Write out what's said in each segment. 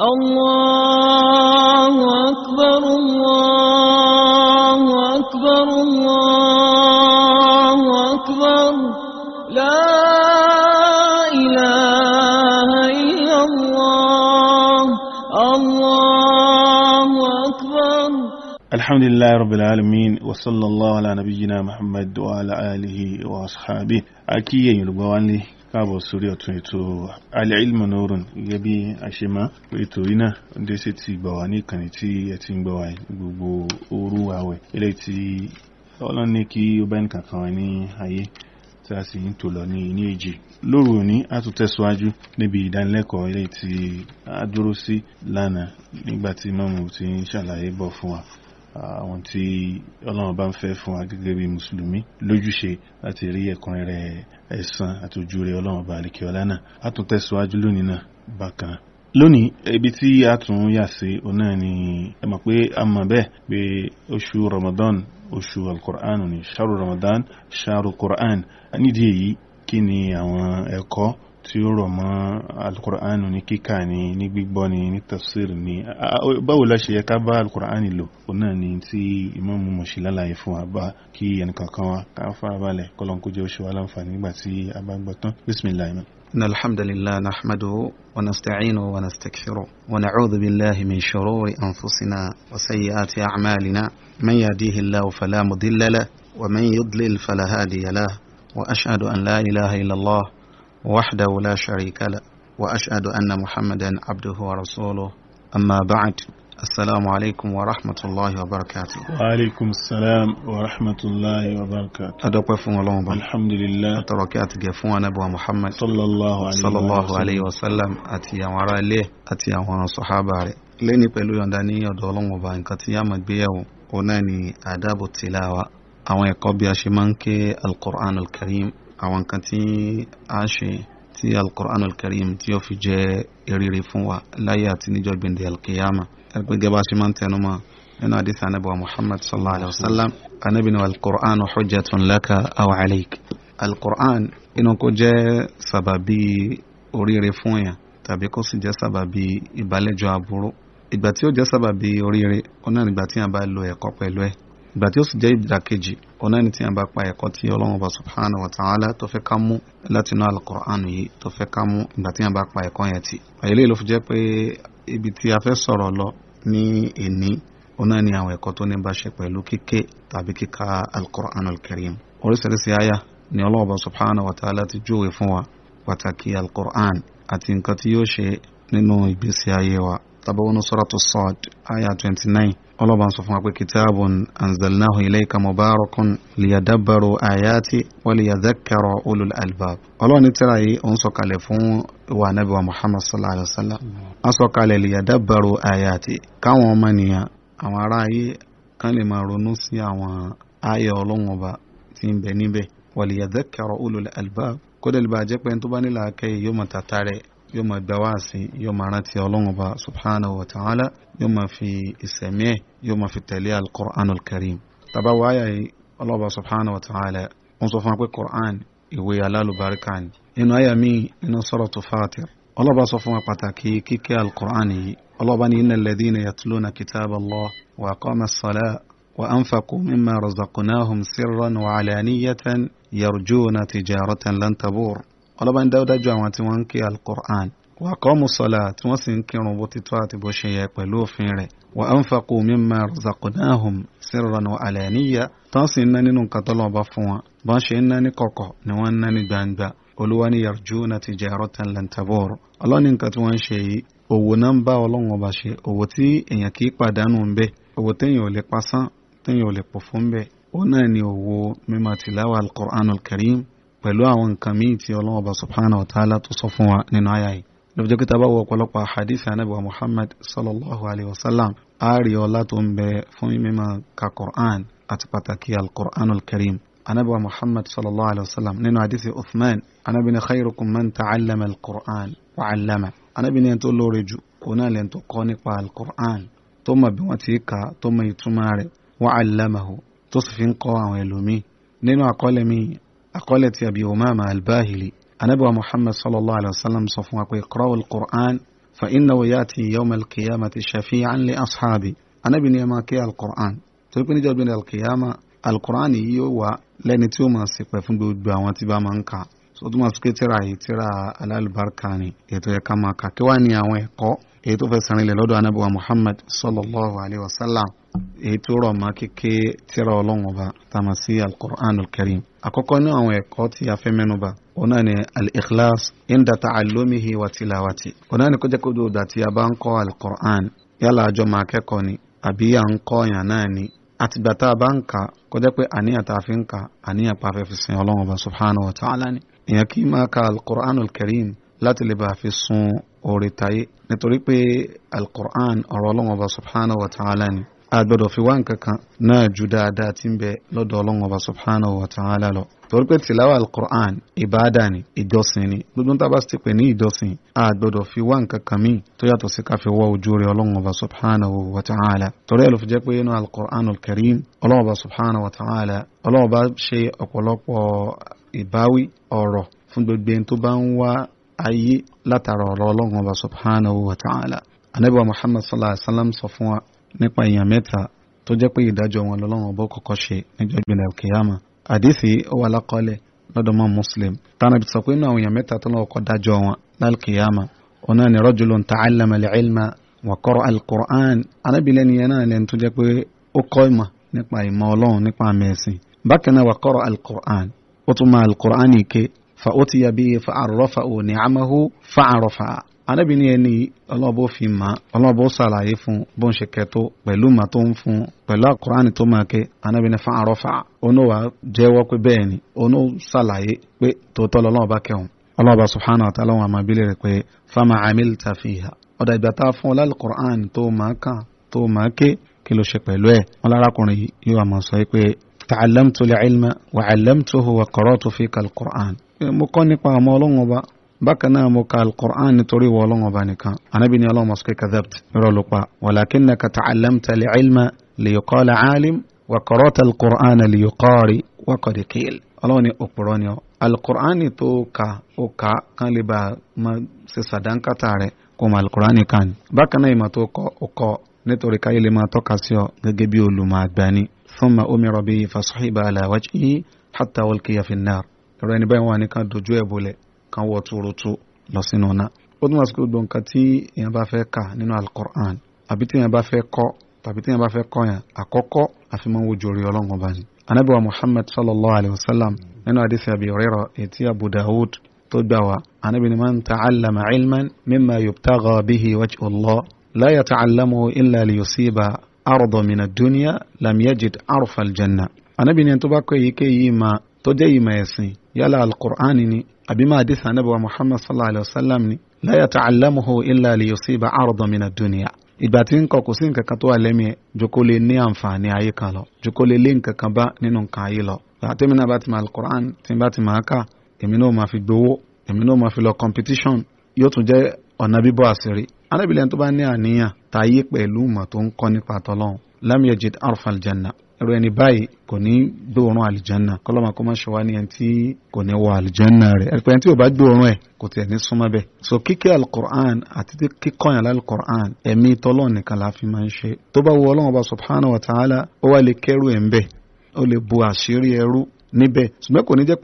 الله أكبر الله أكبر الله أكبر لا إله إلا الله الله أكبر الحمد لله رب العالمين وصلى الله على نبينا محمد وعلى آله وأصحابه أكيد يلقوا káàbọ̀ sórí ọtún ètò alẹ́ ilmu nurun gẹ́gẹ́ bí a ṣe máa ètò yìí náà déṣe ti gbà wá ní ìkànnì tí ti ń gbogbo oru àwẹ̀ eléyìí tí ọlọ́run ní kí ó bá nìkan kan wá ní ayé tí a sì ń tò lọ ní ní èjì lóru òní a tún tẹ̀síwájú níbi ìdánilẹ́kọ̀ọ́ tí a dúró sí lánàá ti ń fún wa àwọn tí ọlọ́run bá ń fẹ́ fún wa gẹ́gẹ́ bí mùsùlùmí lójúṣe láti rí ẹ̀kún rẹ̀ ẹ̀san àti ojú rẹ̀ ọlọ́run bá àlekèọ́lá náà a tún tẹ̀síwájú lónìí náà bákan lónìí ibi tí a tún yà sí òun náà ni ẹ mọ̀ pé a mọ̀ bẹ́ẹ̀ pé oṣù Ramadan oṣù alukur'an ni sharu Ramadan sharu kur'an nídìí èyí kí ni àwọn ẹ̀kọ́ tí ó rọ̀ mọ́ alukur'anu ní kíkà ní ní gbígbọ́ ní ní tafsir ní báwo la ṣe yẹ ká bá alukur'ani lò ó náà ní tí ìmáàmù mọ̀ṣí lálàyé fún wa bá kí ẹnìkankan wa ká fara balẹ̀ kọ́lọ́n jẹ́ oṣù wa nígbà tí a bá gbọ́ tán bisimilayi. إن الحمد لله نحمده ونستعينه ونستكفره ونعوذ بالله من شرور أنفسنا وسيئات أعمالنا من يهديه الله فلا مضل له ومن يضلل فلا هادي له وأشهد أن لا إله إلا الله وحده لا شريك له وأشهد أن محمدا عبده ورسوله أما بعد السلام عليكم ورحمة الله وبركاته وعليكم السلام ورحمة الله وبركاته أدوكو الله الحمد لله أتركات جفون أبو محمد صلى الله عليه صلى الله عليه وسلم أتي وراء ليه أتي وراء صحابة ليني pẹ̀lú yọ̀ǹda ní ọ̀dọ̀ ọlọ́run ọba nǹkan tí a máa gbéyàwó òun náà ni àdábò tìláwa àwọn ẹ̀kọ́ bí a ṣe máa ń ké alukur'an alkarim àwọn nǹkan tí a ṣe tí alukur'an alkarim tí ó fi jẹ́ eriri fún wa láyé àti níjọ́ gbẹ̀ndẹ̀ alkiyama ẹgbẹ́gẹ́ bá ṣe máa ń tẹnu mọ́ nínú àdìsí anábì wa muhammad sallallahu alayhi wa sallam anábì ni alukur'an hujjatun laka aw alayk alukur'an inú kó jẹ́ sàbàbí oríire fún yàn tàbí kó sì jẹ́ sábàbí ìbálẹ́jọ́ aburú ìgbà tí ó jẹ́ sábàbí oríire ó náà nígbà tí yàn bá lo ẹ̀kọ́ pẹ̀lú ẹ̀ ìgbà tí ó sì jẹ́ ìdàkejì ọ̀nà ni tí a bá pa ẹ̀kọ́ tí ọlọ́run bá subhanahu wa ta'ala tó fẹ́ ká mú láti inú alukur'an yìí tó fẹ́ ká mú ìgbà tí a bá pa ẹ̀kọ́ yẹn tì. àyèlé ló fi jẹ́ pé ibi tí a fẹ́ sọ̀rọ̀ lọ ní èní ọ̀nà ni àwọn ẹ̀kọ́ tó ní bá ṣe pẹ̀lú kíké tàbí kíka alukur'an al oríṣiríṣi àyà ni ọlọ́run bá subhanahu wa ta'ala ti júwe fún wa pàtàkì alukur'an àti nǹkan tí yóò ṣe nínú ìgbésí ayé wa tabawonu suratu Sad aya 29. nine ọlọ́ba ń sọ fún wa pé kitabun anzalnahu ilayka mubarakun liyadabbaru ayati wa liyadhakkara ulul albab ọlọ́run ní tírà yìí òun sọ̀kalẹ̀ fún ìwà nabi wa muhammad sallallahu alayhi wa sallam a sọ̀kalẹ̀ liyadabbaru ayati káwọn ọmọnìyàn àwọn ará ayé kan lè máa ronú sí àwọn ayé ọlọ́run ọba tí ń bẹ níbẹ̀ wa liyadhakkara ulul albab kódà lè pé ẹni tó bá nílò akẹ́yẹ yóò mọ̀ tàtà rẹ̀ يوم الدواسي يوم عناتي الله سبحانه وتعالى يوم في السميه يوم في التالية القرآن الكريم طبعا وآية الله سبحانه وتعالى انصف عن القرآن يوي إيه على لباركان إن آية مي إن صورة فاتر الله بصف عن كي كي القرآن الله بني إن الذين يتلون كتاب الله وأقام الصلاة وأنفقوا مما رزقناهم سرا وعلانية يرجون تجارة لن تبور ọlọ́ba ń dáwọ́dájú àwọn tí wọ́n ń ké alukur'an wà á kọ́ mu sọ̀la tí wọ́n sì ń kírun bó ti tọ́ àti bó ṣe yẹ pẹ̀lú òfin rẹ̀ wà á ń fakò mímọ razaqnahum sirran wa alaniya tó ń sì ń ná nínú nǹkan tó lọ́wọ́ bá fún wọn bó ń ṣe ń ná ní ni wọ́n ń ná gbangba olúwa ní yarjuna tijaratan lan tabur ọlọ́ni nǹkan tí wọ́n ń ṣe yìí òwò náà ń bá ọlọ́run ọba ṣe òwò tí èèyàn kì í pàdánù ń bẹ òwò téèyàn ò lè pasán téèyàn ò lè pò fún bẹ́ẹ̀ ó náà ni òwò mímọ tìláwà alukur'an alkarim pẹ̀lú àwọn nǹkan míì tí ọlọ́wọ́ bá subhanahu wa ta'ala tó sọ fún wa nínú àyà yìí lọ́jọ́ kí tábà wọ ọ̀pọ̀lọpọ̀ àhàdísì anábìwá muhammad sallallahu alayhi wa sallam a rí ọlá tó ń bẹ fún mímọ̀ ka quran àti pàtàkì al-quran al-karim anábìwá muhammad sallallahu alayhi wa sallam nínú àdísì uthman anábì ní khayrukum man ta'allama al-quran wa 'allama anábì ní ẹni lóore jù kò náà lẹ́ni tó kọ́ nípa al-quran tó mọ̀ bí wọ́n ti kà tó mọ̀ ìtumọ̀ rẹ̀ wa 'allamahu tó sì fi ń kọ́ àwọn ẹlòmíì nínú àkọọ́lẹ̀ míì àkọọ́lẹ̀ ti àbí umama albahili anabiwa muhammad sallallahu alayhi wa sallam sọ fún wa pé kọ́rọ́ alqur'an fa inna wa yaati yawma alqiyama ti shafi'an li ashabi anabi ni ẹ máa kí alqur'an torí pé níjọ́ gbẹ̀dẹ̀ alqiyama alqur'an yìí yóò wá lẹ́ni tí ó máa ṣìpẹ̀ fún gbogbo àwọn tí bá máa ń kà so tó máa fi kétira yìí tíra alálùbáríkà ni ètò ẹ̀ka máa kà kí wàá ní àwọn ẹ̀kọ́ èyí tó fẹ́ sẹ́rin lẹ̀ lọ́dọ̀ anabiwa muhammad sallallahu alayhi wa sallam èyí tó rọ̀ mọ́ kíké tírà ọlọ́run ọba tàmà sí alukur'an alkarim àkọ́kọ́ ní àwọn ẹ̀kọ́ tí a fẹ́ mẹ́nuba òun náà ni al-ikhlas inda ta'allumihi wa tilawati òun náà ni kó jẹ́ kó dòdà tí a bá ń kọ́ alukur'an yálà àjọ máa kẹ́kọ̀ọ́ ni àbí à ń kọ́ yàn náà ni àtìgbà tá a bá ń kà kó jẹ́ pé àníyàn tá a fi ń kà àníyàn pa afẹ́fẹ́ sin ọlọ́run ọba subhanahu wa ta'ala ni èèyàn kì máa ka alukur'an alkarim láti lè bá a fi sun oore tayé nítorí pé alukur'an ọ̀rọ̀ ọlọ́run ọba subhanahu wa ta'ala ni agbọ́dọ̀ fi wá nǹkan kan náà ju dáadáa tí ń bẹ lọ́dọ̀ ọlọ́run ọba subhanahu wa ta'ala lọ. torí pé tìláwà al-Qur'an ìbáàdà ni ìjọsìn ni gbogbo ń tábà sì pè ní ìjọsìn agbọ́dọ̀ fi wá nǹkan kan míì tó yàtọ̀ sí ká fi wá ojú rẹ ọlọ́run ọba subhanahu wa ta'ala. torí ẹ̀ ló fi jẹ́ pé inú al-Qur'an al-Karim ọlọ́run ọba subhanahu wa ta'ala ọlọ́run ọba ṣe ọ̀pọ̀lọpọ̀ ìbáwí ọ̀rọ̀ fún gbogbo ẹni tó bá ń wá ayé látara ọ̀rọ̀ ọlọ́run ọba subhanahu wa ta'ala. anabi muhammad sallallahu alaihi wa sallam sọ fún wa nípa èèyàn mẹ́ta tó jẹ́ pé ìdájọ́ wọn lọ́lọ́run ọbọ̀ kọ́kọ́ ṣe níjọ́ ìgbìlẹ̀ kìyàmà àdìsí ó wà lákọọ́lẹ̀ lọ́dọ̀ mọ́ muslim tánà bí sọ pé inú àwọn èèyàn mẹ́ta tó lọ́wọ́ kọ́ dájọ́ wọn lálkìyàmà òun náà ni rajulun ta'allama al-ilma wa qara'a al-Qur'an anábìlẹ́ni náà anábì ní ẹni ọlọ́bọ̀ fi ma, ọlọ́bọ̀ ṣàlàyé fún bó ń ṣe kẹtó pẹ̀lú mà tó ń fún pẹ̀lú àkùránì tó máa ké anábì ní fáwọn arọ́fà onówà jẹ́wọ́ pé bẹ́ẹ̀ ni onó ṣàlàyé pé tòótọ́ lọ́wọ́ kẹun ọlọ́ba subhanahu wa ta'ala wọn àmà bílẹ̀ rẹ̀ pé fama amilta fiha ọ̀dà ìgbà tá a fún ọlá alukur'an tó máa kàn tó máa ké kí ló ṣe pẹ̀lú ẹ̀ wọn wa 'allamtuhu wa fika alukur'an. mo kọ́ nípa àmọ́ ọlọ́run بكنا موكا القرآن نتوري ولون وبانكا أنا بني يلو مسكي كذبت رولوكا ولكنك تعلمت لعلم ليقال عالم وقرأت القرآن ليقاري وقد قيل ألوني أقرانيو القرآن توكا أوكا كان لبا ما سيسادان كاتاري كما القرآن كان بكنا ما توكا أوكا نتوري كاي لما توكاسيو نجيبيو لما باني ثم أمر به فصحب على وجهه حتى ألقي في النار رأني بيواني كان دجوه بولي kan wọ tuurutu lọ sínú náà ó túmọ̀ sí pé gbogbo nǹkan tí èèyàn bá fẹ́ kà nínú alukur'an àbí tí èèyàn bá fẹ́ kọ́ tàbí tí èèyàn bá fẹ́ kọ́ yẹn àkọ́kọ́ àfimọ́ wojú orí ọlọ́run ọba ni. anabi wa muhammad sallallahu alayhi wa sallam nínú àdìsí abi hurairah etí abu dawud tó gbà wá anabi ni man ta'allama ilman mimma yubtagha bihi wajhu allah la yata'allamuhu illa liyusiba arda min ad lam yajid arfa al anabi ni tó bá kọ́ èyíkéyìí ìmọ̀ tó jẹ́ ìmọ̀ ẹ̀sìn yálà alukur'an ni àbí máa dé sàn níbo muhammad sallallahu alayhi wa sallam ni la yata'allamuhu illa liyusiba ardan min ad-dunya ìgbà tí ń kọ kò sí nǹkan kan tó wà lẹ́mí ẹ̀ jòkó lè ní àǹfààní ayé kan lọ jòkó lè lé nǹkan kan bá nínú nǹkan ayé lọ. àtẹ́mi náà bá ti máa alukur'an tí n bá ti máa kà èmi náà máa fi gbowó èmi náà máa fi lọ competition yóò tún jẹ́ ọ̀nà bíbọ̀ àṣírí. anábìlẹ̀ tó bá ní àníyàn tààyè pẹ̀lú ìmọ̀ tó ń kọ́ nípa tọ́lọ́hún lam arfal janna ẹrù ẹni báyìí kò ní gbóòórùn àlìjánná kọlọ́mà kọ́ máa ṣọwá ní ẹni tí kò ní wọ àlìjánná rẹ̀ ẹ̀rù ẹni tí ò bá gbóòórùn ẹ̀ kò tiẹ̀ ní súnmọ́ bẹ́ẹ̀. so kíkẹ́ alukur'an àti kíkọ́yàn lálùkur'an ẹ̀mí tọ́lọ́ọ̀ nìkan la fi máa ń ṣe tó bá wọ ọlọ́run ọba subhanahu wa ta'ala ó wá lè kẹ́rù ẹ̀ ń bẹ̀ ó lè bu àṣírí ẹrú níbẹ̀ ṣùgbọ́n kò ní jẹ́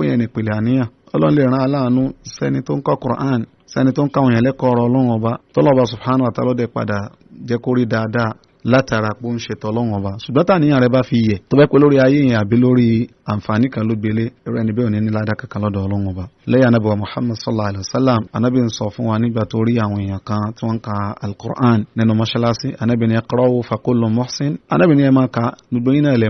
quran sẹ́ni tó ń káwọn yẹn lẹ́kọ̀ọ́ ọ̀rọ̀ ọlọ́run subhanahu ta'ala ó dẹ̀ padà jẹ́ látara pé ó ń ṣètò ọlọ́run ọba ṣùgbọ́n tàníyàn rẹ bá fi yẹ tó bẹ́ pé lórí ayé yẹn àbí lórí àǹfààní kan ló gbélé irú ẹni bẹ́ẹ̀ ò ní ní ládàá kankan lọ́dọ̀ ọlọ́run ọba. lẹ́yìn anábì wa muhammad sallallahu alayhi wa sallam anábì ń sọ fún wa nígbà tó rí àwọn èèyàn kan tí wọ́n ń ka alukur'an nínú mọ́ṣáláṣí anábì ní ẹ̀kọ́rọ́wò fakolo muhsin anábì ní ẹ máa ka gbogbo yín náà lè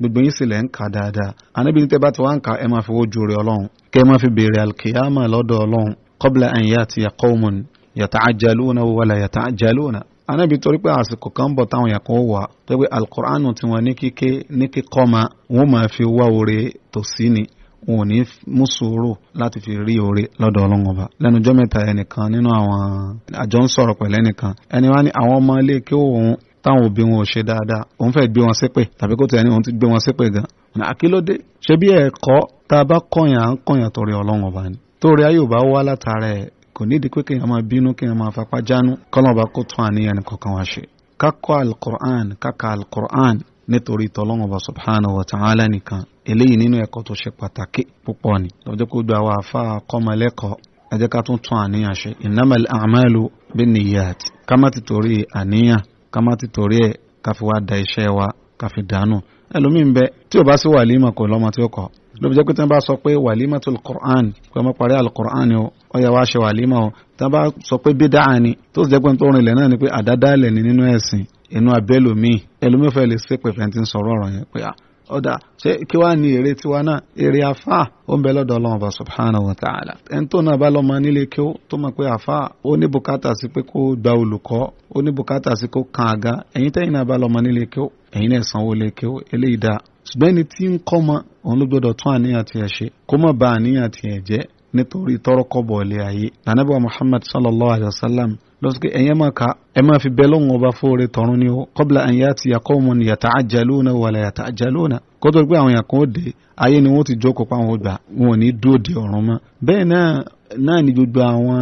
gbogbo yín sì lè ń ka dáadáa anábì ní tẹ́ bá ti wá ẹ máa fi wo jùrẹ̀ ọlọ́run kẹ́ ẹ máa fi béèrè alkiyama lọ́dọ̀ ọlọ́run qabla an ya'tiya qawmun yata'ajjaluna wala yata'ajjaluna anábì torí pé àsìkò kan bọ̀ táwọn èèyàn kan wà tó pé alukoranu tí wọ́n ní kíké ní kíkọ́ ma wọ́n máa fi wá oore tòsí ni wọn ò ní mú sùúrù láti fi rí oore lọ́dọ̀ ọlọ́run ọba lẹ́nu ọjọ́ mẹ́ta ẹnìkan nínú àwọn àjọ ń sọ̀rọ̀ pẹ̀lú ẹnìkan ẹni wá ní àwọn ọmọ ilé kí òun táwọn òbí wọn ò ṣe dáadáa òun fẹ́ gbé wọn ṣépè tàbí kó tó òun ti gbé wọn ṣépè gan ọ̀nà àkílódé ṣé bí ẹ̀kọ́ tá a bá kọ̀yàn à ń kọ̀yàn torí ọlọ́run ọba ni torí ayé ò bá wá látara ẹ̀ kò nídìí pé kéèyàn máa bínú kéèyàn máa fapá jánu kọ́lọ́ọ̀bá kó tún àníyàn ní kankan wá ṣe kakọ alukur'an kaka alukur'an nítorí tọ́lọ́mọba subhanahu wa ta'ala nìkan eléyìí nínú ẹ̀kọ́ tó ṣe pàtàkì púpọ̀ ni lọ́jọ́ kó gba àwọn afá kọ́mọlẹ́kọ̀ọ́ ẹ jẹ́ ká tún tún àníyàn ṣe innamal a'malu binniyat ká má ti torí àníyàn ká má ti torí ẹ̀ ká fi wá da iṣẹ́ wa ká fi dànù ẹlòmíín bẹ tí o bá sí wàlímà kò lọ́mọ tí ó kọ́ ló jẹ́ pé tí wọ́n bá sọ pé wàlímà tó alukur'an pé ọmọ parí alukur'an o ọyà wa ṣe wàlímà o tá a bá sọ pé bídà ni tó sì jẹ́ pé tó rìn ilẹ̀ náà ni pé àdádálẹ̀ ni nínú ẹ̀sìn inú abẹ́lòmíì ẹlòmíì fẹ́ lè ṣe pẹ̀fẹ́ tí ń sọ̀rọ̀ ọ̀rọ̀ yẹn pé ọ̀dà ṣé kí wàá ní èrè tiwa náà èrè afá ó ń bẹ lọ́dọ̀ ọlọ́run ọba subhanahu wa ta'ala ẹni tó náà bá lọ́mọ nílé kí ó tó mọ̀ pé afá ó ní bùkátà sí pé kó gba olùkọ́ ó ní bùkátà sí kó kan àga ẹ̀yin tẹ́yìn náà bá lọ́mọ nílé kí ó ẹ̀yin náà sanwó lé kí ó eléyìí dáa ṣùgbọ́n ẹni tí ń kọ́ mọ òun ló gbọ́dọ̀ tún àníyàn tiẹ̀ ṣe kó mọ̀ bá àníyàn tiẹ̀ jẹ́ nítorí tọrọ kọ́bọ̀ ilé ayé nànàbí wa muhammad sallallahu alayhi wa sallam lọ́sọ̀kẹ́ ẹ̀yẹ́ máa ka ẹ máa fi bẹ́ẹ̀ lọ́wọ́ bá fóore tọ̀run ni ó qabla an yatiya qawmun yata'ajjaluna wala yata'ajjaluna kó tó pé àwọn yàn kan ó dé ayé ni wọ́n ti jókòó pa àwọn gbà wọn ò ní dúró di ọ̀run mọ́ bẹ́ẹ̀ náà náà ni gbogbo àwọn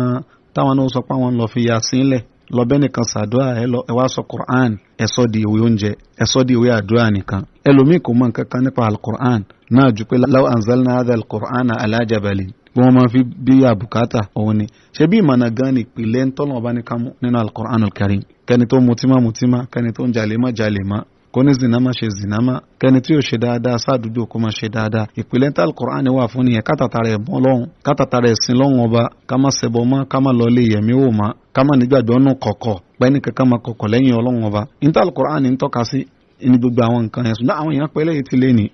táwọn náà sọ pé àwọn lọ fi yà sílẹ̀ lọ́bẹ́ nìkan sàdúrà ẹ lọ ẹ wá sọ quran ẹ sọ di ìwé oúnjẹ ẹ sọ di ìwé àdúrà nìkan ẹlòmíì kò mọ nǹkan kan nípa alukur'an náà ju pé law anzalna hadha alukur'an ala jabalin bí wọ́n máa fi bí àbùkátà òun ni ṣe bí ìmọ̀nà gan ni ìpìlẹ̀ ń tọ́lọ̀ bá ní kámú nínú alukur'an alukarim kẹni tó mutímá mutímá kẹni tó ń jalè má jalè má kó ní zina má ṣe zina má kẹni tí ò ṣe dáadáa sáàdúgbò kó má ṣe dáadáa ìpìlẹ̀ ń tà alukur'an wà fún nìyẹn kátàtà rẹ̀ mọ́ lọ́hùn kátàtà rẹ̀ sin lọ́hùn ọba ká má ṣẹbọ má ká má lọlé yẹ̀mí wò má ká má nígbàgbọ́ nù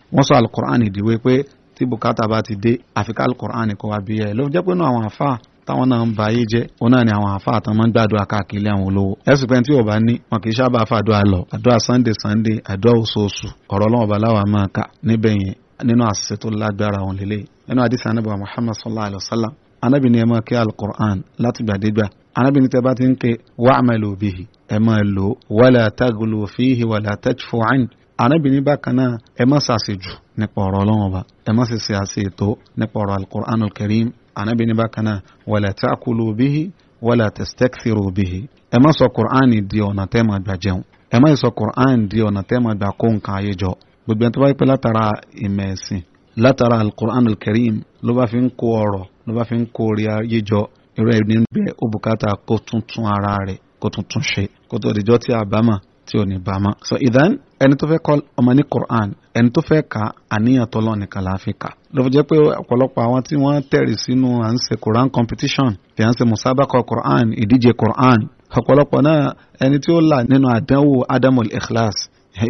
tí bùkátà bá ti dé àfikà alukur'an kọ́ wa bí ẹ ló jẹ́ pé náà àwọn àfa táwọn náà ń ba ayé jẹ́ òun náà ni àwọn àfa àtàn máa ń gbàdúrà káàkiri àwọn olówó ẹ̀sùn pẹ́ntì ọba ní wọn kì í sábà fàdúrà lọ àdúrà sunday sunday àdúrà oṣooṣù ọ̀rọ̀ ọlọ́wọ́n ọba láwa máa kà níbẹ̀ yẹn nínú àṣìṣe tó lágbára òun lélẹ̀ nínú àdìsí anábì wa muhammad sallallahu alayhi wa sallam anábì ni ẹ máa kí alukur'an láti gbàdégbà anábì ni tẹ bá ti ń ké wa'malu bihi ẹ máa lò wala taglu fihi wala tajfu arábìnrin bákan náà ẹ má ṣàṣejù nípa ọ̀rọ̀ ọlọ́run ọba ẹ má ṣe ṣe àṣe ètò nípa ọ̀rọ̀ alukur'an karim arábìnrin bákan náà wala ta'kulu bihi wala tastakthiru bihi ẹ má sọ kur'an di ọ̀nà tẹ́ máa gbà jẹun ẹ má sọ kur'an di ọ̀nà tẹ́ máa gbà kó nǹkan ayé jọ gbogbo ẹni tó bá yẹ pé látara ìmọ̀ ẹ̀sìn látara alukur'an karim ló bá fi ń kó ọ̀rọ̀ ló bá fi ń kó orí ayé jọ irú ẹni bẹ́ẹ̀ ó bùkátà kó tuntun ara rẹ̀ kó tuntun ṣe kó tó dìjọ́ tí a bá mọ̀ tí ò ní bá mọ́. so idan ẹni tó fẹ́ kọ́ ọmọ ní Qur'an ẹni tó fẹ́ ka àníyàn tọ́lọ́ nìkan la fi kà. ló fi jẹ́ pé ọ̀pọ̀lọpọ̀ àwọn tí wọ́n tẹ̀rì sínú à ń ṣe Qur'an competition fi à ń ṣe musabaka Qur'an ìdíje Qur'an ọ̀pọ̀lọpọ̀ náà ẹni tí ó là nínú àdánwò adamul ikhlas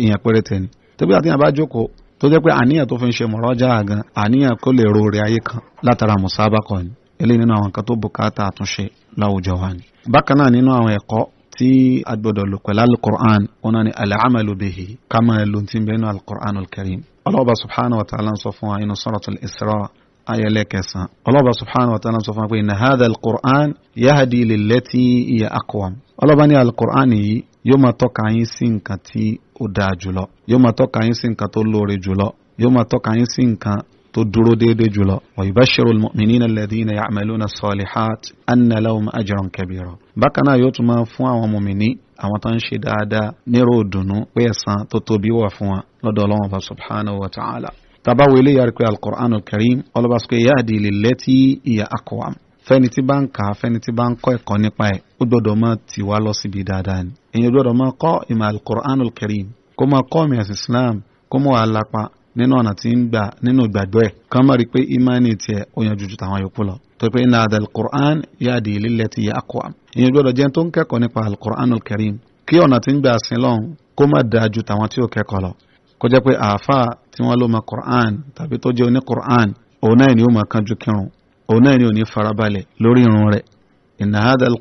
ìyẹn pẹ́rẹ́tẹ̀ ni. tóbi àti àbá jókòó tó jẹ́ pé àníyàn tó fi ń ṣe mọ̀rọ́jà gan àníyàn kó lè roore ayé kan látara musabaka ni eléyìí nínú àwọn nǹkan tó bùkátà àtúnṣe láwùjọ wa ni. bákan náà nínú àwọn ẹ̀kọ́ tí a gbọ́dọ̀ lò pẹ̀lú alukur'an ọ̀nà ni alamalu bihi ká máa lo ti bẹ́ẹ̀ nínú alukur'an olùkẹ́rìm. ọlọ́ọ̀bà subhanahu wa ta'ala ń sọ fún wa inú suratul Isra ayẹlẹ́ kẹsàn-án. ọlọ́ọ̀bà subhanahu wa ta'ala ń sọ fún wa pé inna hadha alukur'an yahadi lillati hiya aqwam. ọlọ́ọ̀bà ní alukur'an yìí yóò máa tọ́ka yín sí nǹkan tí ó dáa jùlọ yóò máa tọ́ka yín sí nǹkan tó lóore jùlọ yóò máa tọ́ka yín sí nǹkan tó dúró déédéé jùlọ wa yubashiru al-mu'minina alladhina ya'maluna as-salihat anna lahum ajran kabira bákan náà yóò tún máa fún àwọn mùmíní àwọn tó ń ṣe dáadáa nírò dùnú pé ẹ̀san tó tóbi wà fún wa lọ́dọ̀ ọlọ́run ọba subhanahu wa ta'ala tabawo ilé yàrá pé al-Qur'an al-Karim ọlọ́ba sọ pé yahdi lillati hiya aqwam fẹ́ni tí bá ń kà á fẹ́ni tí bá ń kọ́ ẹ̀kọ́ nípa ẹ̀ ó gbọ́dọ̀ máa tì wá lọ síbi dáadáa ni èyí gbọ́dọ̀ máa kọ́ ìmọ̀ al karim kó máa kọ́ mi ẹ̀sìn Islam kó máa wà lápá nínú ọ̀nà tí ń gbà nínú ìgbàgbọ́ ẹ̀ kàn mọ̀ rí pé ìmánì tiẹ̀ ó yanjú ju tàwọn yòókù lọ tó pé iná àdàl qur'an yáàdì lílẹ̀ ti yẹ àkọ́ ìyẹn gbọ́dọ̀ jẹ́ tó ń kẹ́kọ̀ọ́ nípa al-qur'an al-karim kí ọ̀nà tí ń gbà sin lọ́hùn kó má dáa ju tàwọn tí ó kẹ́kọ̀ọ́ lọ kó jẹ́ pé àáfàá tí wọ́n ló mọ̀ qur'an tàbí tó jẹ́ qur'an òun náà ni ó máa kánjú kírun òun náà ni ò ní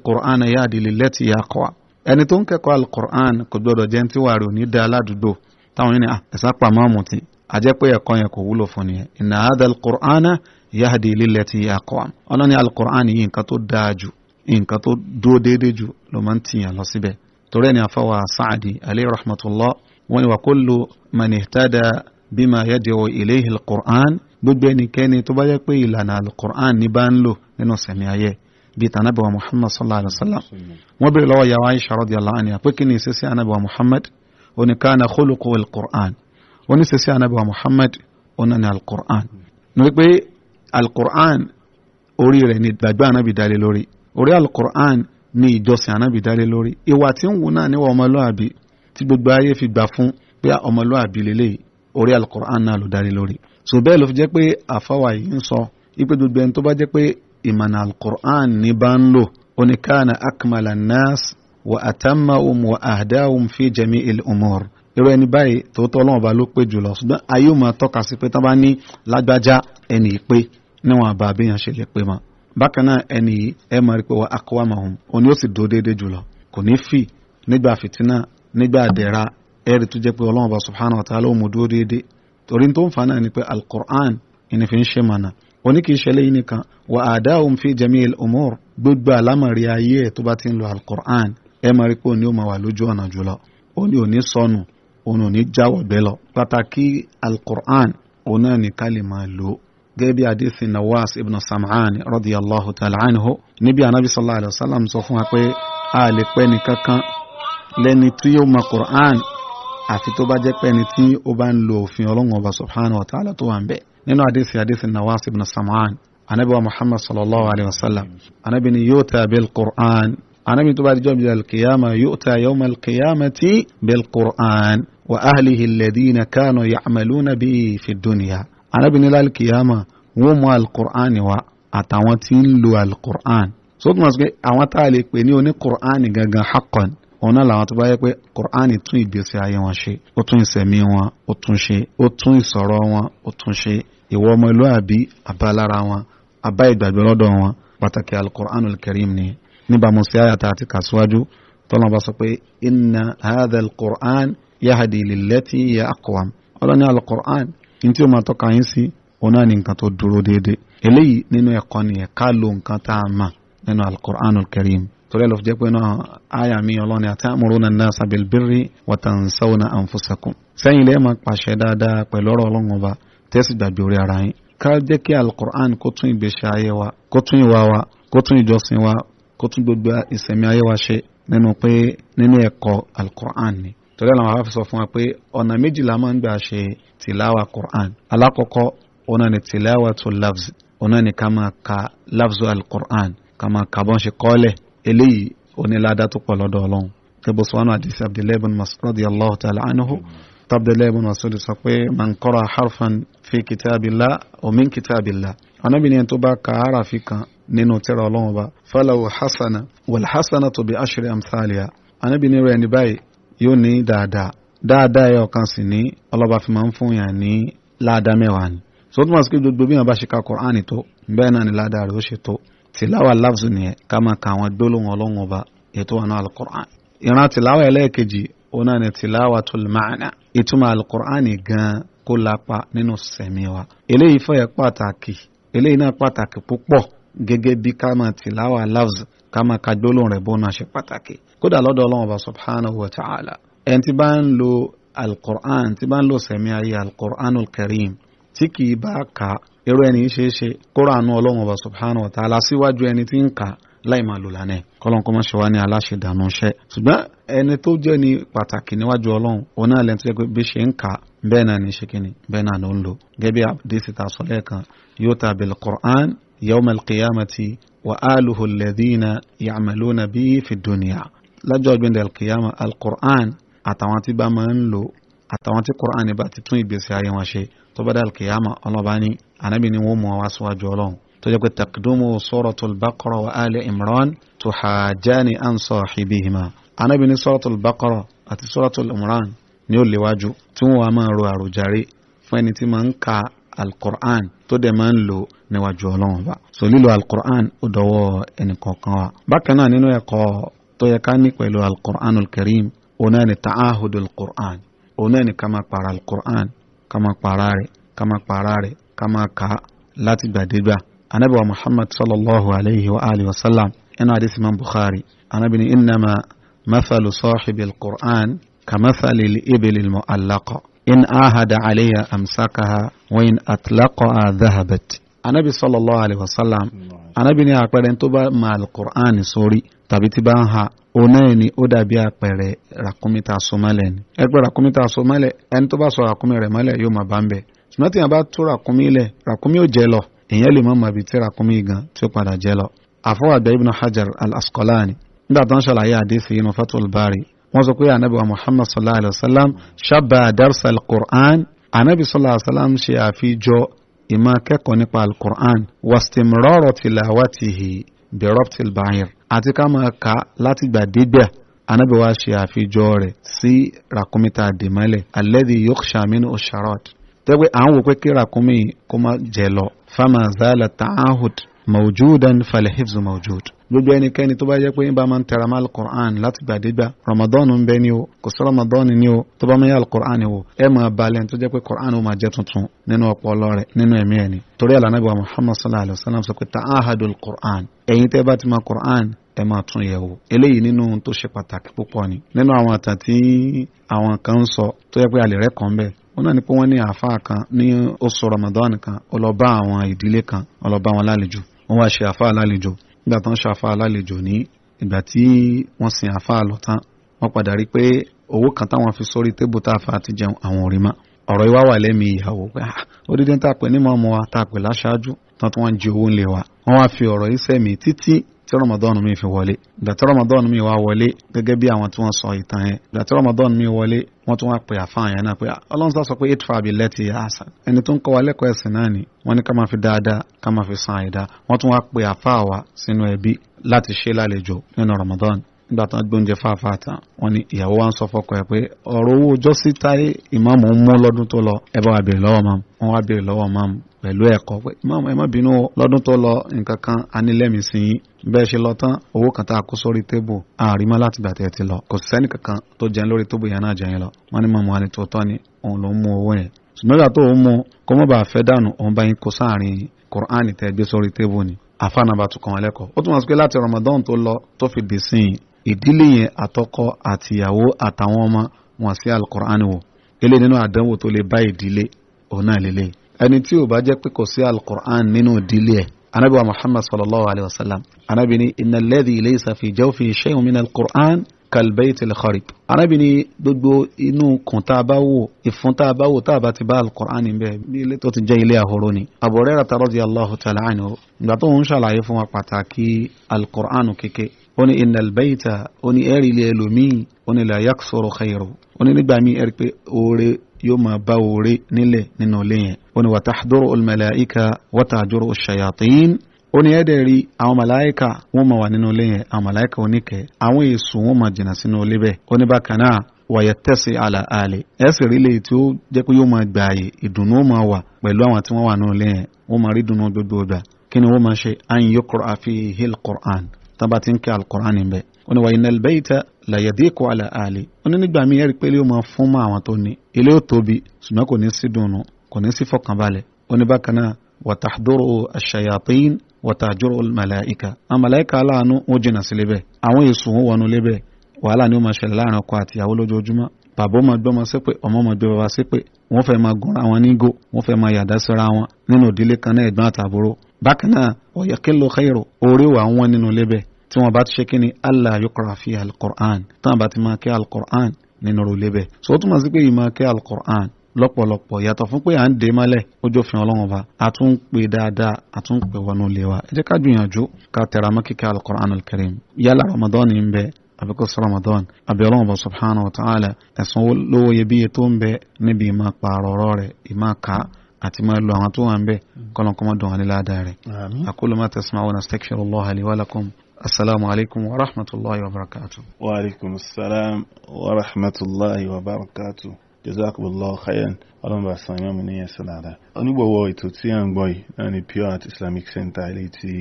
qur'an yáàdì lílẹ̀ ti yẹ àkọ́ ẹni tó ń kẹ́kọ̀ọ́ al-qur'an kò gbọ́dọ̀ jẹ́ tí wàá rè ò ní dáa ládùúgbò táwọn yìí ni ẹ̀sán pàmò àmùtí àjẹpẹ́ ẹ̀kọ́ yẹn kò wúlò fún nìyẹn inna hadha al-Qur'ana yahdi lillati hiya aqwam ọlọ́ni al-Qur'ani yìí nǹkan tó dáa jù nǹkan tó dúró déédéé jù ló máa ń tìyàn lọ síbẹ̀ torí ẹni àfọwà Sa'di alayhi rahmatullah wọn ni wa kullu man ihtada bima yad'u ilayhi al-Qur'an gbogbo ẹnikẹ́ni tó bá yẹ pé ìlànà al-Qur'an ní bá ń lò nínú sẹ̀mí ayé bíi ti wa muhammad sallallahu alaihi wa sallam wọ́n béèrè lọ́wọ́ oníṣẹ́sí anabi wa muhammad ọ̀nà ni alukur'an ní wípé alukur'an orí rẹ̀ ni ìgbàgbọ́ anabi dalé lórí orí alukur'an ni ìjọsìn anabi dalé lórí ìwà tí ń wù náà níwà ọmọlúàbí tí gbogbo ayé fi gbà fún pé ọmọlúàbí lélẹ́yìí orí alukur'an náà ló dalé lórí so bẹ́ẹ̀ ló fi jẹ́ pé àfáwà yìí ń sọ ipe gbogbo ẹni tó bá jẹ́ pé ìmọ̀nà alukur'an ní bá ń lò oníkàánà akmala wa atamma um wa ahdahum fi jami'il umur irú ẹni báyìí tòótọ́ ọlọ́run ọba ló pé jùlọ ṣùgbọ́n ayé ò máa tọ́ka sí pé tán bá ní lágbájá ẹni ìpè níwọ̀n àbá abéyàn ṣe lè pé mọ́ bákan náà ẹni yìí ẹ máa rí pé wọ́n akọ́wà màhùn òní ó sì dúró déédéé jùlọ kò ní fì nígbà fìtínà nígbà àdẹ̀ra ẹ̀rí tó jẹ́ pé ọlọ́run ọba subhanahu wa ta'ala ó mú dúró déédéé torí tó ń fa náà ni pé al-Qur'an ìní fi ń ṣe mànà òní kì í ṣe lẹ́yìn nìkan wà á dá òun fi jami'il umur gbogbo àlámọ̀rí ayé ẹ̀ tó bá ti ń lo al-Qur'an ẹ máa rí pé òní ó máa wà lójú ọ̀nà jùlọ òní òní sọnù òun ò ní jáwọ́ gbé lọ pàtàkì alukur'an òun náà ní ká lè máa lò ó gẹ́gẹ́ bí adéfin nawas ibn sam'an radiyallahu ta'ala anhu níbi anabi sallallahu alayhi wa sallam sọ fún wa pé a lè pẹ́ nìkan kan lẹ́ni tí yóò mọ qur'an àfi tó bá jẹ́ pé ẹni tí ó bá ń lo òfin ọlọ́run ọba subhanahu wa ta'ala tó wà ń bẹ̀ nínú àdéhìí àdéhìí nawas ibn sam'an anabi wa muhammad sallallahu alayhi wa anabi ni yóò tàbí qur'an anabi tó bá di jọ́bi alkiyama yu'ta yawma alkiyamati bil qur'an wa ahlihi alladhina kanu ya'maluna bihi fi dunya anabi nílá alkiyama wọ́n mú alqur'an wa àtàwọn tí ń lo alqur'an so tó máa sọ pé àwọn tá a lè pè ní oní qur'an gangan haqqan ọ̀nà làwọn tó bá yẹ pé Kùránì tún ìgbésí ayé wọn ṣe ó tún ìsẹ̀mí wọn ó tún ṣe ó tún ìsọ̀rọ̀ wọn ó tún ṣe ìwọ ọmọlúàbí àbá lára wọn àbá ìgbàgbọ́ lọ́dọ̀ wọn pàtàkì al-Qur'anul Karim níbàámu sí àyàtà àti kàṣíwájú tọ́lọ́n bá sọ pé inna hadha al-Qur'an yahdi lillati hiya aqwam ọlọ́ni al-Qur'an ní tí ó máa tọ́ka yín sí òun náà ní nǹkan tó dúró déédéé eléyìí nínú ẹ̀kọ́ nìyẹn ká lo nǹkan tá a mà nínú al-Qur'an al-Karim torí ẹ̀ lọ́ fi jẹ́ pé náà àyà mi ọlọ́ni atamuruna an-nasa bil-birri wa tansawna anfusakum sẹ́yìn lẹ́ẹ̀ máa pàṣẹ kó tún gbogbo ìsẹ̀mí ayé wa ṣe nínú pé nínú ẹ̀kọ́ alukur'an ni torí àwọn afa fi sọ fún wa pé ọ̀nà méjì la máa ń gbà ṣe tìláwà kur'an alákọ̀ọ́kọ́ ọ̀nà ni tìláwà tó lafz ọ̀nà ni ká máa ka lafzu alukur'an ká máa ka bọ́n ṣe kọ́lẹ̀ eléyìí onílàdá tó pọ̀ lọ́dọ̀ ọlọ́run tẹ́bù sọ́nà àdìsí abdullahi bin mas'ud radiyallahu ta'ala anhu tabdalahi bin mas'ud sọ pé man qara harfan fi kitabila o kitabila kitabillah anábìnrin tó bá ka harafi kan nínú tírà ọlọ́run ọba fọláwò hasana wàlá hasana tó bí aṣèrè amthaliya anábì ní rẹ̀ ní báyìí yóò ní dáadáa dáadáa ẹ̀ ọ̀kan sì ní ọlọ́ba fi máa ń fún yàn ní ládàá mẹ́wàá ni so tó máa sọ pé gbogbo bí wọn bá ṣe ka Qur'ani tó bẹ́ẹ̀ náà ni ládàá rẹ̀ ó ṣe tó tìláwà láfùsù nìyẹn ká máa ka àwọn gbólóhùn ọlọ́run ọba ètò wọn náà al ìran tìláwà ẹlẹ́ẹ̀kejì òun náà ni tìláwà tó lè máa ìtumọ̀ al gan kó lapa nínú sẹ̀mí wa eléyìí fọyẹ́ pàtàkì eléyìí náà pàtàkì púpọ̀ gẹ́gẹ́ bí ká máa tìláwà lafz ká máa ka gbólóhùn rẹ̀ bọ́nà ṣe pàtàkì kódà lọ́dọ̀ ọlọ́run ọba subhanahu wa ta'ala ẹni tí bá ń lo alqur'an tí bá ń lo sẹ̀mí ayé alqur'anul karim tí kì í bá ka irú ẹni ṣe é ṣe kóra ọlọ́run ọba subhanahu wa ta'ala síwájú ẹni tí ń ka láì máa lò lánàá kọ́lọ́n kọ́ máa ṣe wá ní aláṣẹ ìdáná iṣẹ́ ṣùgbọ́n ẹni tó jẹ́ ní pàtàkì níwájú ọlọ́run òun náà lẹ́nu tó yẹ pé bí ṣe ń kà bẹ́ẹ̀ náà ní ṣe kínní bẹ́ẹ̀ náà ló ń lò gẹ́gẹ́ bí àdéṣe ta sọ lẹ́ẹ̀kan yóò ta bil qur'an يوم القيامة وآله الذين يعملون به في الدنيا lọ́jọ́ gbẹ̀ndẹ̀ alkiyama alkur'an àtàwọn tí bá máa ń lò àtàwọn tí kur'an bá ti tún ìgbésí ayé wọn ṣe tó bá dá alkiyama ọlọ́ba ní anábì ni wọ́n mú wa síwájú ọlọ́run tó jẹ́ pé takdumu suratul baqara wa ali imran tuhajani an sahibihima anábì ni suratul baqara àti suratul imran ni ó léwájú tí wọ́n wá máa ro àròjàre fún ẹni tí máa ń ka alukur'an tó dẹ̀ máa ń lò níwájú ọlọ́run wa so lílo alukur'an ó dọwọ́ ẹnìkọ̀ọ̀kan wa bákan náà nínú ẹ̀kọ́ tó yẹ ká ní pẹ̀lú alukur'an olùkẹ́rìm òun náà ni ta'ahudu alukur'an òun náà ni ká máa para alukur'an ká máa para rẹ̀ ká máa para rẹ̀ ká máa kà á láti gbàdégbà anabi muhammad sallallahu alayhi wa alihi wa sallam ina hadisi man bukhari anabi ni innama mathalu sahibi alukur'an ka mathali li mu'allaqa in ahada alayya amsakaha wa in atlaqaha dhahabat anabi sallallahu alayhi wa sallam anabi ni àpẹẹrẹ tó bá ma alukur'an sórí tàbí tí bá ń ha onáà ni ó dàbí àpẹẹrẹ ràkúmítà sọmọlẹ ni ẹgbẹ ràkúmítà sọmọlẹ ẹni tó bá sọ ràkúmí rẹ̀ mọ́lẹ̀ yóò máa bá ń bẹ ṣùgbọ́n tí yẹn bá tó ràkúmí lẹ̀ ràkúmí ò jẹ lọ èèyàn lè mọ̀ mọ̀ bí tí ràkúmí gan tí ó padà jẹ lọ. àfọwọ́ àgbà hajar al nígbà tó ń ṣàlàyé àdéhùn yìí ní fatul bari wọ́n sọ pé anabi wa muhammad sallallahu alayhi wa sallam ṣàbà darsa al-qur'an anabi sallallahu alayhi wa sallam ṣe àfijọ́ ìmọ̀ akẹ́kọ̀ọ́ nípa al-qur'an wastimrọ́rọ̀ tilawatihi birobtil bahir àti ká máa kà láti gbàdégbà anabi wa ṣe àfijọ́ rẹ̀ sí rakumita dèmọ́lẹ̀ alladhi yukhsha minhu ash-sharat tẹ́gbẹ́ à ń wò pé kí rakumi kó má jẹ lọ fama zala ta'ahud mawjudan falhifzu mawjud gbogbo ẹnikẹ́ni tó bá jẹ́ pé ń bá máa ń tẹ̀ra mọ́ alukur'an láti gbàdégbà ramadan ń bẹ ni o kò sí ramadan ni o tó bá máa yẹ alukur'an wò ẹ máa balẹ̀ tó jẹ́ pé kur'an ó máa jẹ́ tuntun nínú ọpọlọ rẹ̀ nínú ẹ̀mí ẹ̀ ni torí àlànàbí wa muhammad sallallahu alayhi wa sallam sọ pé ta'ahadul kur'an ẹ̀yin tẹ́ bá ti máa kur'an ẹ máa tún yẹ̀ wò eléyìí nínú ohun tó ṣe pàtàkì púpọ̀ ni nínú àwọn àtàn àwọn kan sọ tó yẹ pé alẹ́ rẹ̀ kàn bẹ́ẹ̀ wọn náà ni pé wọ́n ní àáfàá kan ní oṣù ramadan kan ó àwọn ìdílé kan ó lọ bá wọn wá ṣe àáfàá lálejò nígbà tán ṣàfà alálejò ní ìgbà tí wọ́n sin àfà lọ tán wọ́n padà rí pé owó kan táwọn fi sórí tébù tá a fa àti jẹun àwọn ò mọ́ ọ̀rọ̀ ìwá wà lẹ́mìí ìyàwó pé odidi ah, ń tàpẹ́ nímọ̀ ọmọ wa tàpẹ́ láṣáájú tán tí wọ́n ń jẹ owó ńlẹ̀ wa wọ́n wá fi ọ̀rọ̀ yìí sẹ́mi títí tí ramadan mi fi wọlé ìgbà tí ramadan mi wá wọlé gẹ́gẹ́ bí àwọn tí wọ́n sọ ìtàn yẹn ìgbà tí ramadan mi wọlé wọ́n tún wá pè àfáà yẹn náà pé ọlọ́run sọ pé eight five ilẹ̀ ti àṣà ẹni tó ń kọ́ wa lẹ́kọ̀ọ́ ẹ̀sìn náà ni wọ́n ní ká máa fi dáadáa ká máa fi san àìdá wọ́n tún wá pè àfáà wa sínú ẹbí láti ṣe lálejò nínú ramadan nígbà tí wọ́n gbóúnjẹ fáfáà tán wọ́n ní ìyàwó wa ń sọ fọ́kọ ẹ̀ pé ọ̀rọ̀ owó ọjọ́ sí táyé ìmáàmù ń mú lọ́dún tó lọ ẹ bá wa béèrè lọ́wọ́ máàmù wọ́n wá béèrè lọ́wọ́ máàmù pẹ̀lú ẹ̀kọ́ pé mọ́mọ́ ẹ má bínú lọ́dún tó lọ nǹkan kan anilẹ́mìsìn yín bẹ́ẹ̀ ṣe lọ tán owó kan tá a kó sórí tébù àrímọ́ láti gbà tẹ́ ẹ ti lọ kò sẹ́nì kankan tó jẹun lórí tébù yẹn náà jẹun lọ wọ́n ní mọ̀mọ́ alẹ́ tó tọ́ ni òun ló ń mú owó yẹn ṣùgbọ́n ìgbà tó ń mú kó mọ́ bá fẹ́ dànù òun bá yín kó sáàrin kùránì tẹ́ gbé sórí tébù ni àfànàbà tún kàn wọ́n lẹ́kọ̀ọ́ ó tún wá sí pé láti Ramadan tó lọ tó fi dì sí ìdílé yẹn àtọkọ àtìyàwó àtàwọn ọmọ wọn sí alukùránì wò eléyìí nínú àdánwò tó ẹni tí ò bá jẹ́ pé kò sí alukur'an nínú ìdílé ẹ̀ anabi wa muhammad sallallahu alayhi wa sallam anabi ni inna alladhi laysa fi jawfi shay'un min alukur'an kalbaitil kharib anabi ni gbogbo inú kun tá a bá wò ìfun tá a bá wò tá a bá ti bá alukur'an bẹ́ẹ̀ bí ilé tó ti jẹ́ ilé ahoro ni Abu Hurairah radiyallahu ta'ala anhu ìgbà tó ń ṣàlàyé fún wa pàtàkì alukur'an kéke ó ní inna albayta ó ní ẹ̀rí ilé yóò máa bá oore nílẹ̀ nínú ilé yẹn ó ní wàtàdúró olùmọ̀láìka wàtàdúró ṣayatin ó ní ẹ̀dẹ̀ rí àwọn màláìka wọ́n máa wà nínú ilé yẹn àwọn màláìka oníkẹ́ àwọn èso wọ́n máa jìnnà sínú ilé bẹ́ẹ̀ ó ní bákan náà wàyẹ tẹ̀sí àlà àlè ẹ̀sìn rí léyìí tí ó jẹ́ pé yóò máa gbààyè ìdùnnú máa wà pẹ̀lú àwọn tí wọ́n wà nínú ilé yẹn wọ́n làyẹ̀dẹ́kọ àlà àlè ó ní nígbà míì ẹ̀rí pé ilé ó máa fún mọ́ àwọn tó ní ilé ó tóbi ṣùgbọ́n kò ní sí dùnnú kò ní sí fọkànbalẹ̀ ó ní bákan náà wàtàdúró àṣàyàtìn wàtàjúró màláìka àwọn màláìka aláàánú wọn jìnnà sí lébẹ̀ àwọn èso wọn wọnú lébẹ̀ wàhálà ni ó máa ṣẹlẹ̀ láàrin ọkọ àtìyàwó lójoojúmọ́ bàbá máa gbọ́mọ ṣépè ọmọ máa gbé bàbá ṣépè wọ́n fẹ́ máa gúnra wọn nígò wọ́n fẹ́ máa yàdá síra wọn nínú ìdílé kan náà ẹ̀gbọ́n àtàbúrò bákan náà ọ̀yẹ̀kẹ́ lọ kẹ́rò orí wà wọ́n nínú lébẹ̀ tí wọ́n bá ti ṣe kí ni allah yukra fi alqur'an tí wọ́n bá ti máa kí alqur'an nínú ròlé bẹ́ẹ̀ so ó túmọ̀ sí pé ìmọ̀ kí alqur'an lọ́pọ̀lọpọ̀ yàtọ̀ fún pé à ń dè mọ́lẹ̀ ojú òfin ọlọ́run ba a tún ń pè dáadáa a tún ń pè wọnú ilé wa ẹ jẹ́ ká gbìyànjú ká tẹ̀ra mọ́ kíkà alukur'an alukarim yálà ramadan ń bẹ àbí kò ramadan àbí ọlọ́run bá subhanahu wa ta'ala ẹ̀sùn lówó iyebíye tó ń bẹ níbi ìmọ̀ pààrọ̀ ọ̀rọ̀ rẹ̀ ìmọ̀ ká àti máa lo àwọn tó wà ń bẹ kọ́lọ́n kọ́mọ́ dùn alẹ́ ládàá àwọn astaghfirullah li wa lakum السلام عليكم ورحمة الله وبركاته وعليكم السلام ورحمة الله وبركاته jazakumullahu khairan ọlọ́mọba sanyọ́ mi níyẹn sọ́lára onígbọ̀wọ́ ètò tí à ń gbọ́ yìí náà ni pure art islamic center ilé tí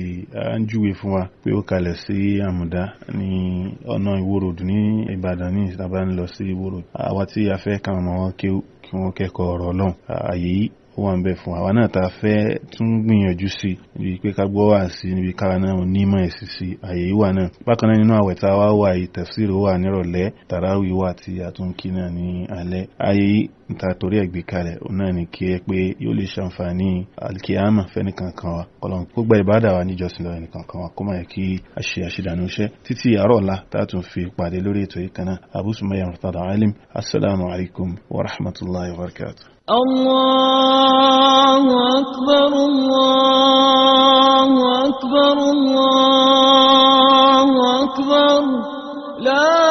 à ń júwe fún wa pé ó kalẹ̀ sí àmùdá ní ọ̀nà ìwòròdù ní ìbàdàn ní ìsìtàbá ń lọ sí ìwòròdù àwa tí a fẹ́ kàn mọ́ kí wọ́n kẹ́kọ̀ọ́ ọ̀rọ̀ ọlọ́run àyè yìí ó wà ń bẹ fún àwa náà tá a fẹ́ tún gbìyànjú sí ibi pé ká gbọ́ wà sí níbi kára náà onímọ̀ ẹ̀sìn sí àyè ìwà náà bákan náà nínú àwẹ̀ tá a wá wà yìí tafsir wà nírọ̀lẹ́ tàràwì wà tí a tún kí náà ní alẹ́ ayé níta torí ẹ̀gbẹ́ kalẹ̀ náà ni kí ẹ pé yóò lè ṣàǹfààní alikiyama fẹ́ni wa kọlọ́n kó gba ìbáàdà wa níjọsìn lọ́wọ́ ẹnì wa kó má yẹ kí a ṣe àṣedànù iṣẹ́ títí àárọ̀ ọ̀la tá a tún fi pàdé lórí ètò yìí kan náà Abu Sumayya Murtada Alim assalamu alaikum wa rahmatullahi wa barakatuh. الله أكبر الله أكبر الله أكبر لا